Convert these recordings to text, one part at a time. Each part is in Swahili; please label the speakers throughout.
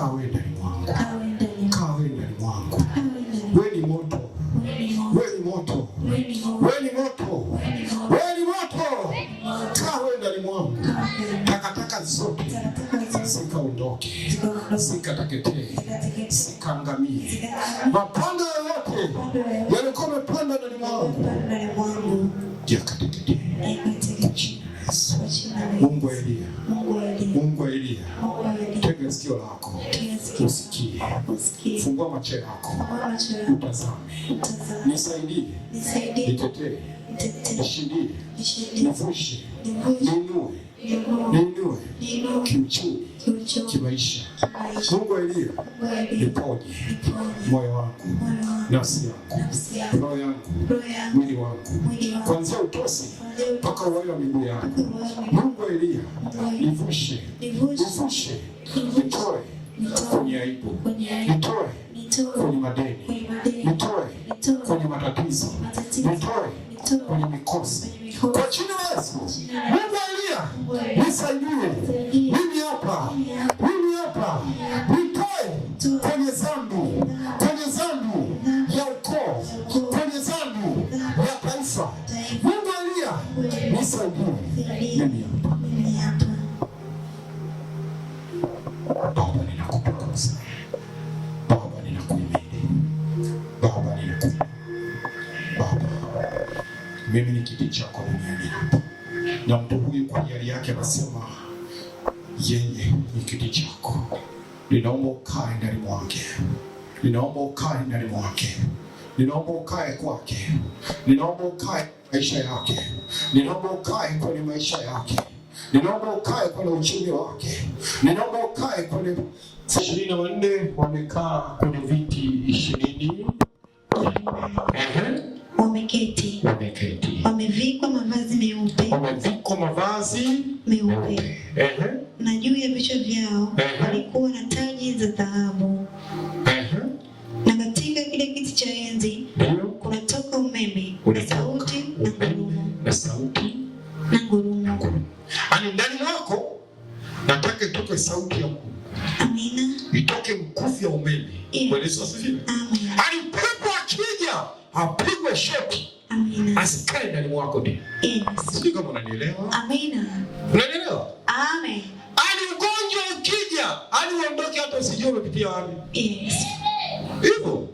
Speaker 1: kaa wewe ndani mwangu,
Speaker 2: kaa ndani mwangu.
Speaker 1: Wewe ni moto, wewe ni moto, wewe ni moto, wewe ni moto. Kaa ndani mwangu, takataka zote zikaondoke, zikateketee, zikaangamie. Mapanda yoyote yalikuwa yamepanda ndani mwangu nitetee, nishindie, nivushe, niinue, niinue kiuchumi, kimaisha. Mungu wa Eliya, niponye moyo wangu, nafsi yangu, roho yangu, mwili wangu, kwanzia utosi mpaka uwai wa miguu yangu. Mungu wa Eliya, nivushe, nivushe, nitoe kwenye aibu, nitoe kwenye madeni matatizo, nitoe kwenye mikosi kwa jina la Yesu. Mungu wa Eliya, nisaidie mimi hapa, mimi hapa, nitoe kwenye zambi, kwenye zambi ya ukoo, kwenye zambi ya taifa. Mungu wa nisaidie mimi hapa. mimi ni kiti chako duniani hapa. Na mtu huyu kwa hiari yake anasema yeye ni kiti chako, ninaomba ukae ndani mwake, ninaomba ukae ndani mwake, ninaomba ukae kwake, ninaomba ukae maisha yake, ninaomba ukae kwenye maisha yake, ninaomba ukae kwenye uchumi wake, ninaomba ukae kwenye ishirini na wanne wamekaa kwenye viti ishirini
Speaker 2: wameketi, wameketi wamevikwa mavazi meupe,
Speaker 1: wamevikwa mavazi
Speaker 2: meupe, ehe na juu ya vichwa vyao walikuwa na taji za dhahabu, ehe na katika kile kiti cha enzi kunatoka umeme na sauti na ngurumo
Speaker 1: na sauti
Speaker 2: na ngurumo.
Speaker 1: Ani ndani mwako nataka itoke sauti ya ngurumo. Amina, itoke mkufu ya umeme. Bwana Yesu asifiwe. Amina. Ani pepo akija apigwe shoti, asikae ndani mwako tena. Sijui kama unanielewa. Amina. Unanielewa? Amen. Ani mgonjwa ukija, ani uondoke hata usijue umepitia wapi. Yes. Hivyo.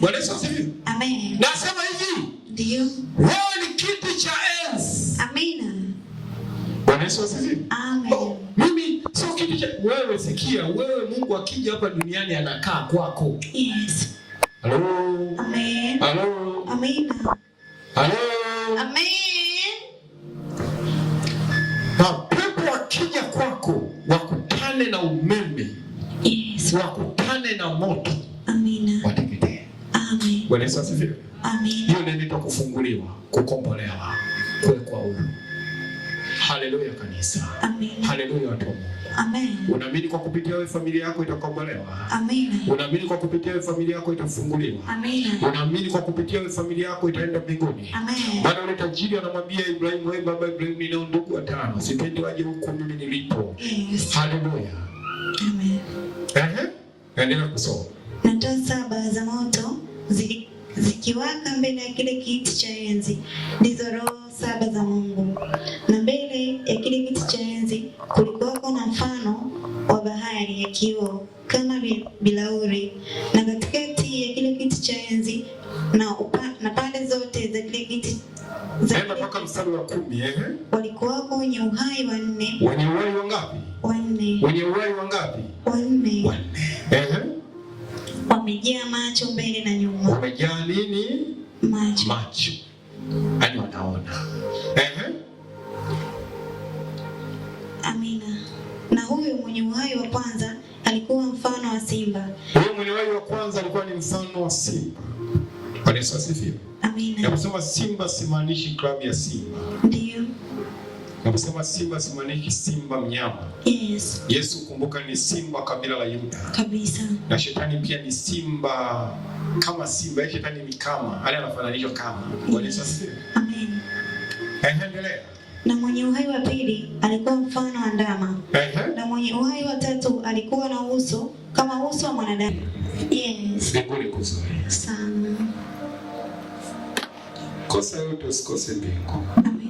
Speaker 1: Bwana Yesu asifiwe. Amen. Nasema hivi. Ndio. Wewe ni kiti cha enzi. Amina. Bwana Yesu asifiwe.
Speaker 2: Amen. Oh,
Speaker 1: mimi sio kiti cha wewe, sikia, wewe Mungu akija hapa duniani anakaa kwako. Yes. Hello.
Speaker 2: Amina.
Speaker 1: Mapepo wakija kwako wakutane na umeme, yes. Wakutane na moto wateketee. Bwana Yesu asifiwe. Hiyo inaitwa kufunguliwa, kukombolewa, kuwekwa huru Haleluya kanisa. Amen. Haleluya watu Amen. Unaamini kwa kupitia wewe familia yako itakombolewa? Amen. Unaamini kwa kupitia wewe familia yako itafunguliwa? Amen. Unaamini kwa kupitia wewe familia yako itaenda mbinguni?
Speaker 2: Amen. Bwana
Speaker 1: yule tajiri anamwambia Ibrahimu, wewe baba Ibrahimu, nina ndugu watano. Sipendi waje huko mimi nilipo. Yes. Haleluya. Amen. Ehe. Endelea kusoma.
Speaker 2: Na saba za moto zikiwaka mbele ya kile kiti cha enzi ndizo roho saba za Mungu, na mbele ya kile kiti cha enzi kulikuwako na mfano wa bahari ya kioo kama bilauri, na katikati ya kile kiti cha enzi na, na pande zote za kile kiti walikuwako wenye uhai wanne.
Speaker 1: Wenye uhai wangapi?
Speaker 2: Wanne. Wenye uhai wangapi? Wanne.
Speaker 1: Wanne
Speaker 2: wamejaa macho mbele na nyuma.
Speaker 1: Wamejaa nini? Macho, macho, yaani wanaona. Ehe,
Speaker 2: amina. Na huyu mwenye uhai wa kwanza alikuwa mfano wa simba.
Speaker 1: Huyu mwenye uhai wa kwanza alikuwa ni mfano wa simba. Bwana Yesu asifiwe. Amina. kusema simba simaanishi klabu ya Simba. Ndiyo. Naposema simba simaniki simba mnyama. Yes. Yesu kumbuka, ni simba kabila la Yuda.
Speaker 2: Kabisa.
Speaker 1: Na shetani pia ni simba kama simba, yeye shetani ni kama, ale anafananishwa kama. Bwana Yesu asifiwe. Amen. Eh, endelea.
Speaker 2: Na mwenye uhai wa pili alikuwa mfano wa ndama. Uh-huh. Na mwenye uhai wa tatu alikuwa na uso kama uso wa mwanadamu. Yes. Sana.
Speaker 1: Kosa yote usikose mbingu. Amen.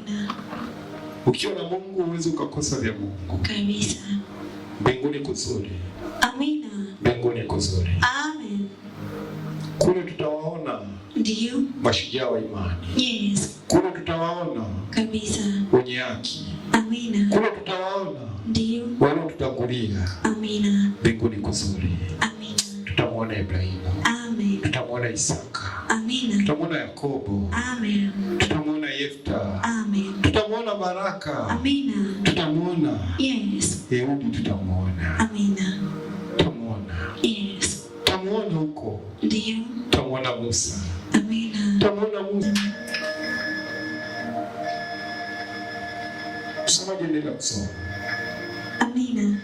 Speaker 1: Ukiwa na Mungu huwezi ukakosa vya Mungu kabisa. Mbinguni kuzuri. Amina. Mbinguni kuzuri. Amen. Kule tutawaona ndio mashujaa wa imani. Yes. Kule tutawaona kabisa wenye haki.
Speaker 2: Amina.
Speaker 1: Kule tutawaona ndio Wale tutakulia.
Speaker 2: Amina.
Speaker 1: Mbinguni kuzuri. Amina. Tutamwona Ibrahimu. Amen. Tutamwona Isaka. Amina. Tutamwona Yakobo. Amen. Tutamwona Yefta. Amen. Tutamwona baraka. Amina. Tutamwona.
Speaker 2: Yes.
Speaker 1: Ehudi tutamwona. Amina. Tutamwona.
Speaker 2: Yes.
Speaker 1: Tutamwona huko. Ndio. Tutamwona Musa. Amina. Tutamwona Musa. Msomaji endelea kusoma.
Speaker 2: Amina.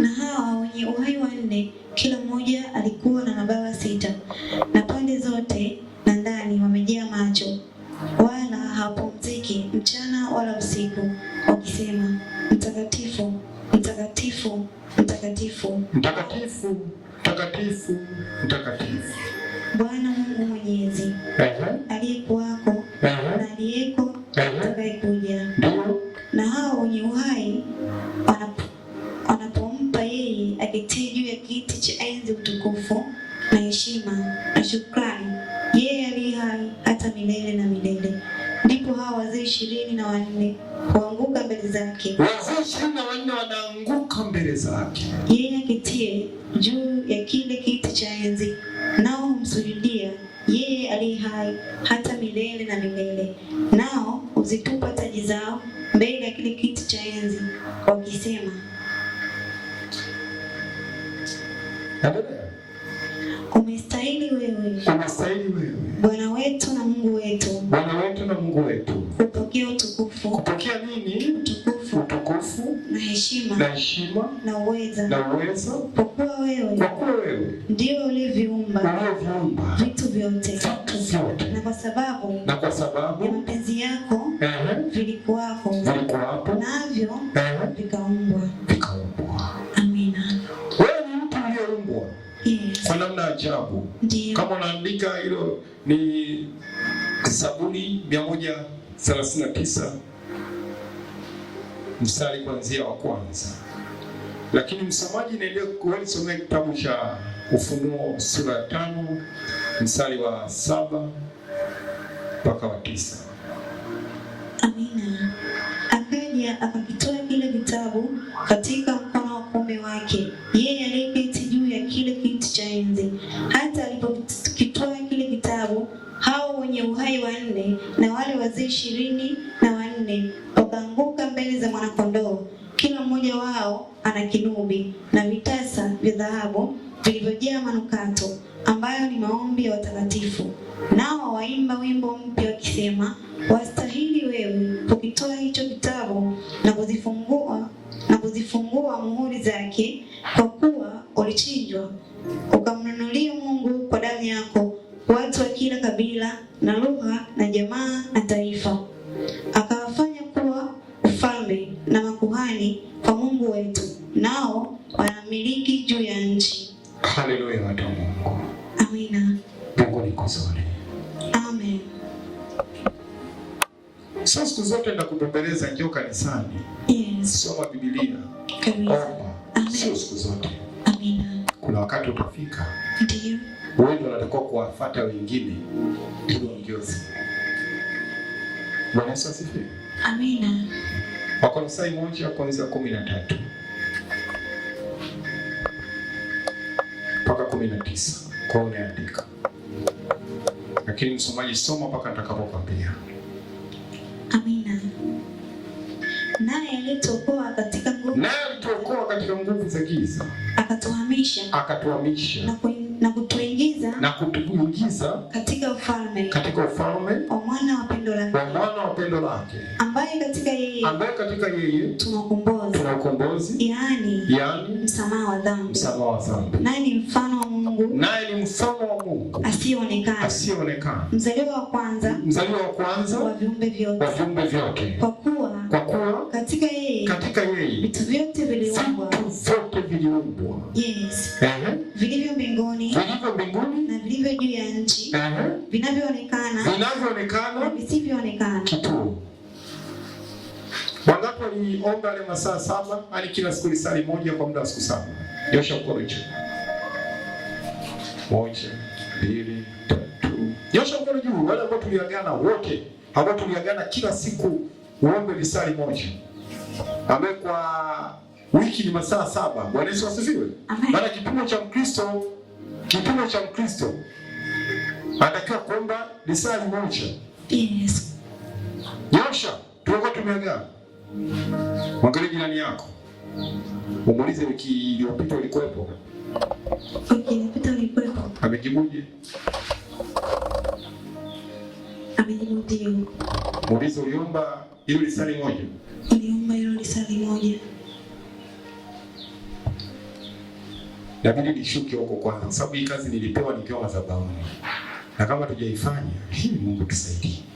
Speaker 2: Na hawa wenye uhai wanne kila mmoja alikuwa yake mchana wala usiku, wakisema mtakatifu, mtakatifu, mtakatifu,
Speaker 1: mtakatifu, mtakatifu, mtakatifu
Speaker 2: Bwana Mungu Mwenyezi. Ehe. ishirini na wanne kuanguka mbele zake,
Speaker 1: wazee ishirini na wanne wanaanguka mbele zake,
Speaker 2: yeye akitie juu ya kile kiti cha enzi, nao humsujudia yeye aliye hai hata milele na milele, nao huzitupa taji zao mbele ya kile kiti cha enzi wakisema utukufu,
Speaker 1: kupokea nini?
Speaker 2: Utukufu,
Speaker 1: utukufu
Speaker 2: na heshima na
Speaker 1: heshima
Speaker 2: na uweza
Speaker 1: na uwezo, kwa
Speaker 2: kuwa wewe, kwa
Speaker 1: kuwa wewe
Speaker 2: ndio ulivyoumba
Speaker 1: ulivyoumba
Speaker 2: vitu vyote
Speaker 1: vitu vyote, na
Speaker 2: kwa sababu
Speaker 1: na kwa sababu ya
Speaker 2: mapenzi yako uh -huh. vilikuwako
Speaker 1: vilikuwapo
Speaker 2: navyo uh -huh. vikaumbwa
Speaker 1: vikaumbwa. Amina. Wewe ni mtu uliyeumbwa yes. kwa namna ajabu, kama unaandika hilo ni Zaburi mia moja 39 mstari kuanzia wa kwanza. Lakini msomaji inaendelea kulisomea kitabu cha Ufunuo sura ya tano mstari wa saba mpaka wa tisa.
Speaker 2: Amina. Akaja akakitoa kile kitabu katika mkono wa wake, yeye aliyeketi juu ya kile kiti cha enzi, hata alipo wenye uhai wanne na wale wazee ishirini na wanne wakaanguka mbele za mwanakondoo, kila mmoja wao ana kinubi na vitasa vya dhahabu vilivyojaa manukato, ambayo ni maombi ya watakatifu. Nao waimba wimbo mpya wakisema, wastahili wewe kukitoa hicho kitabu na kuzifungua na kuzifungua muhuri zake, kwa kuwa ulichinjwa ukamnunulia kabila na lugha na jamaa na taifa, akawafanya kuwa ufalme na makuhani kwa Mungu wetu, nao wanamiliki juu ya nchi.
Speaker 1: Haleluya, watu wa Mungu. Amina. Mungu ni kuzuri. Amen. So siku zote na kubembeleza, njoo kanisani. Yes. Soma Biblia. Kabisa. Sio siku zote. Amina. Kuna wakati utafika. ndio wengi wanatakiwa kuwafuata wengine ili wamgeuze. Bwana Yesu asifiwe. Amina. Wakolosai moja kuanzia kumi na tatu mpaka kumi na tisa kwa unaandika, lakini msomaji soma mpaka nitakapokwambia.
Speaker 2: Amina. Naye alitokoa katika nguvu,
Speaker 1: naye alitokoa katika nguvu za giza,
Speaker 2: akatuhamisha
Speaker 1: akatuhamisha
Speaker 2: na, na kutu
Speaker 1: na kumuingiza
Speaker 2: katika ufalme
Speaker 1: katika ufalme wa
Speaker 2: mwana wa pendo lake
Speaker 1: wa mwana wa pendo lake
Speaker 2: ambaye katika yeye
Speaker 1: ambaye katika yeye
Speaker 2: tunakombozi
Speaker 1: tunakombozi yani yani
Speaker 2: msamaha wa dhambi
Speaker 1: msamaha wa dhambi
Speaker 2: naye ni mfano wa Mungu
Speaker 1: naye ni mfano wa Mungu
Speaker 2: asiyeonekana
Speaker 1: asiyeonekana
Speaker 2: mzaliwa wa kwanza
Speaker 1: mzaliwa wa kwanza wa
Speaker 2: viumbe vyote wa
Speaker 1: viumbe vyote kwa kuwa kwa kuwa
Speaker 2: katika yeye
Speaker 1: katika yeye
Speaker 2: vitu vyote viliumbwa Mungu yes. vilivyo mbinguni
Speaker 1: vilivyo mbinguni
Speaker 2: na vilivyo juu ya nchi vinavyoonekana
Speaker 1: vinavyoonekana na
Speaker 2: visivyoonekana
Speaker 1: tu. Wangapi waliomba ile masaa saba hadi kila siku lisali moja kwa muda wa siku saba? Nyosha mkono juu. Moja, mbili, tatu. Nyosha mkono juu wale ambao tuliagana wote. Ambao tuliagana kila siku uombe lisali moja. Ambaye kwa Wiki ni masaa saba. Bwana Yesu asifiwe. Maana kipimo cha Mkristo, kipimo cha Mkristo anatakiwa kuomba lisali moja.
Speaker 2: Yes.
Speaker 1: Nyosha, tulikuwa tumeagaa. Mwangalie jirani yako. Umuulize wiki iliyopita ulikuwepo.
Speaker 2: Wiki iliyopita ulikuwepo.
Speaker 1: Amejibuje?
Speaker 2: Amejibu ndio.
Speaker 1: Muulize uliomba hilo lisali moja.
Speaker 2: Niliomba hilo lisali moja.
Speaker 1: Inabidi nishuke huko kwanza, kwa sababu hii kazi nilipewa nikiwa madhabahuni, na kama tujaifanya hii, Mungu tusaidie.